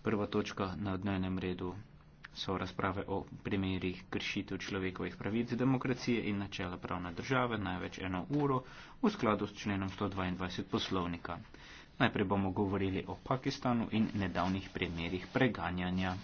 Prva točka na dnevnem redu so razprave o primerih kršitev človekovih pravic, demokracije in načela pravne države največ eno uro v skladu s členom 122 poslovnika. Najprej bomo govorili o Pakistanu in nedavnih primerih preganjanja.